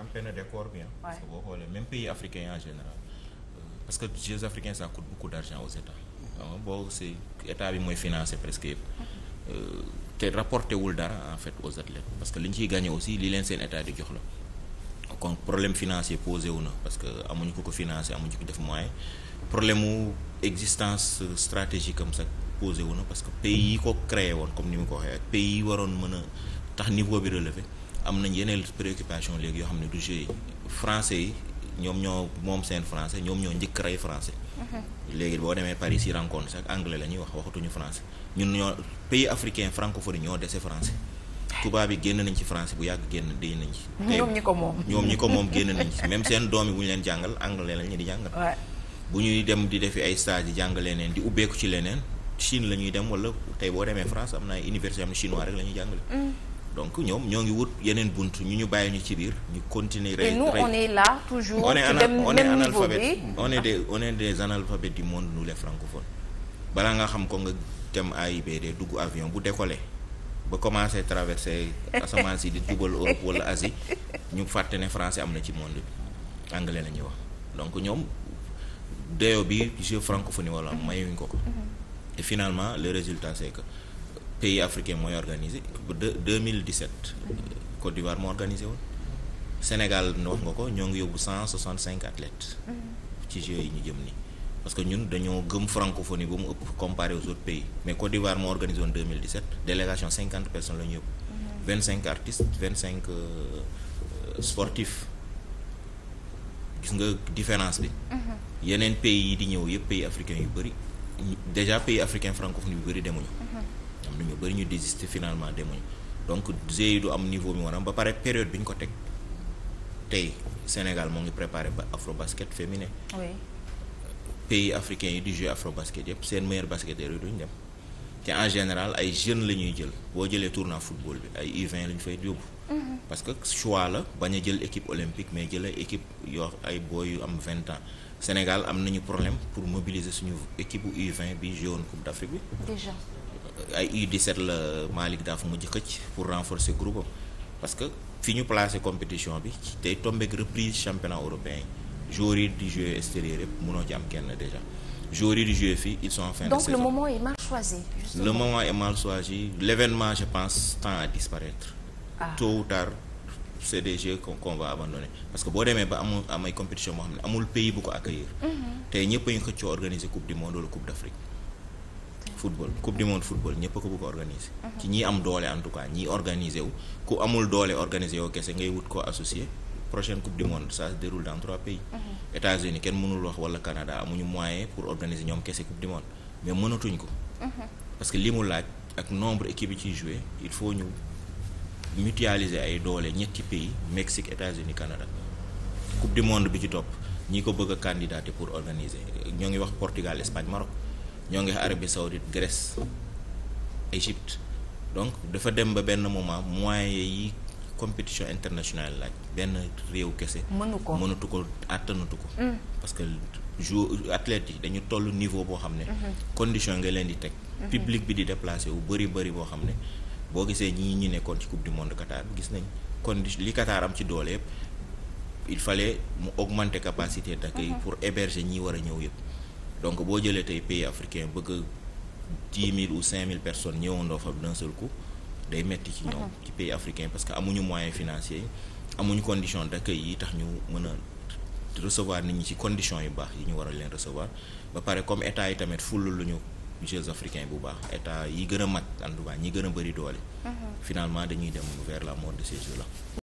campagne de décor bien parce que boo xoolee même pays africain en euh, que jeux africains ça coûte beaucoup d'argent aux États ah, boo c'est état bi mooy financé presque yëpp mm-hmm. euh, te rapporté wul dara en fait aux athlètes parce que li ñu ciy gagné aussi li leen seen état di jox la kon problème financier posé wu na parce que amuñu ko ko financé amuñu ko def moyen problème mu existence euh, stratégique comme sax posé wu na parce que pays yi ko créé woon comme ni mu ko waxee ak pays yi waroon mën a tax niveau bi relevé am nañ yeneen préoccupation léegi yoo xam ne du jeu français yi ñoom ñoo moom seen français ñoom ñoo njëkk rey français. Mhm. léegi boo demee Paris yi rencontre sax anglais la ñuy wax waxatuñu français ñun ñoo pays africain francophone ñoo dese français. tubaab yi génn nañ ci français bu yàgg génn dee nañ ci. ñoom ñi ko moom ñoom ñi génn nañ ci même seen doom yi bu ñu leen jàngal anglais lañ leen di jàngal. bu ñuy dem di defi ay stage di jàng leneen di ubbeeku ci leneen Chine la ñuy dem wala tey boo demee France am na ay université am chinois rek jàngale. Mm. donc ñoom ñoo ngi wut yeneen bunt ñu ñu bàyyi ñu ci biir ñu continuer rey nous on est là toujours on est analphabète on est des on est des analphabètes du monde nous les francophones balaa nga xam ko nga dem AIBD dugg avion bu décollé ba commencé traverser asamaan si di jubal Europe wala Asie ñu fàtte ne français am na ci monde bi anglais la ñuy wax donc ñoom dayoo bi jeu francophonie wala mayuñ ko ko mhm. et finalement le résultat c'est que pays africain mooy organisé ba deux deux mille dix sept Côte d'Ivoire moo organisé woon Sénégal wax nga ko ñoo ngi yóbbu cent soixante cinq athlètes. Mm-hmm. ci Jeux yi ñu jëm nii. parce ñun dañoo gëm francophonie ba mu ëpp comparé aux autres pays mais Côte d'Ivoire moo organisé woon 2017 délégation cinquante personnes la ñu yóbbu. Mm-hmm. vingt cinq artistes vingt cinq euh, euh, sportifs gis nga différence bi. Mm-hmm. yeneen pays yi di ñëw yëpp pays africains yu bëri déjà pays africain francophone yu bëri demuñu. tax ba ñu bëri ñu désister finalement donc GIE du am niveau bi maanaam ba pare période bi ñu ko teg tey Sénégal moo ngi préparé ba afro basket féminin. oui pays africains yi di jouer afro basket yëpp seen meilleur basketteurs yi duñ dem. en général ay jeunes la ñuy jël boo jëlee tournoi football bi ay U20 fay yóbbu. Mhm. parce que choix la bañ a jël équipe olympique mais jël ay équipe yoo ay boy yu am vingt ans Sénégal am nañu problème pour mobiliser suñu équipe bu U20 bi joué woon Coupe d'Afrique bi. ay U17 la Malick Daaf mujj xëcc pour renforcer groupe am parce que fi ñu placé compétition bi tey tombeek reprise championnat européen yi joueurs yi du jouer extérieur yëpp mënoo ci am kenn déjà joueurs yi di jouer fii ils sont en fin de saison le moment est mal choisi. Justement. je pense tend à disparaître. Ah. tôt ou tard c'est des jeux qu'on qu'on parce que boo demee ba amul amay compétition boo xam ne amul pays bu ko accueillir. Mhm. tey ñëpp a ñu xëccoo organiser coupe du monde football coupe du monde football ñëpp a ko bëgg a mhm. ci ñi am doole en tout cas ñi organiser wu ku amul doole organiser wu kese ngay wut koo associé prochaine coupe du monde ça se déroule dans trois pays. Mhm. États-Unis kenn mënul wax wala Canada amuñu moyen pour organiser ñoom kese coupe du monde mais mënatuñ ko. Mhm. parce que li mu laaj ak nombre équipe yi ci joué il faut ñu mutualiser ay doole ñetti pays Mexique États-Unis Canada coupe du monde bi ci topp ñi ko bëgg a pour organiser ñoo ngi wax Portugal Espagne Maroc. ñoo ngi Arabie Saoudite Grèce Égypte donc dafa dem ba benn moment moyens yi compétition internationale laaj benn réew kese. mënu ko mënatu ko àttanatu ko. Mm. parce que joueurs athlètes yi dañu toll niveau boo xam ne. Mm-hmm. condition nga leen di teg. Mm-hmm. public bi di déplacé wu bëri bëri boo xam ne boo gisee ñii ñi nekkoon ci coupe du monde Qatar gis nañ condition li Qatar am ci doole yëpp il fale mu augmenter capacité yi mm-hmm. pour héberger ñi war a ñëw yëpp. donc boo jëlee tey pays africain bëgg dix mille ou cinq mille personnes ñëwandoo fa d'un seul coup day metti ci ñoom ci pays africain parce que amuñu moyens financiers yi amuñu condition d'accueil yi tax ñu mën a recevoir nit ñi ci conditions yu baax yi ñu war a leen recevoir ba pare comme état yi tamit ful lu ñu jeux africains bu baax état yi gën a mag en tout ñi gën a bëri doole finalement dañuy dem vers la mort de ces la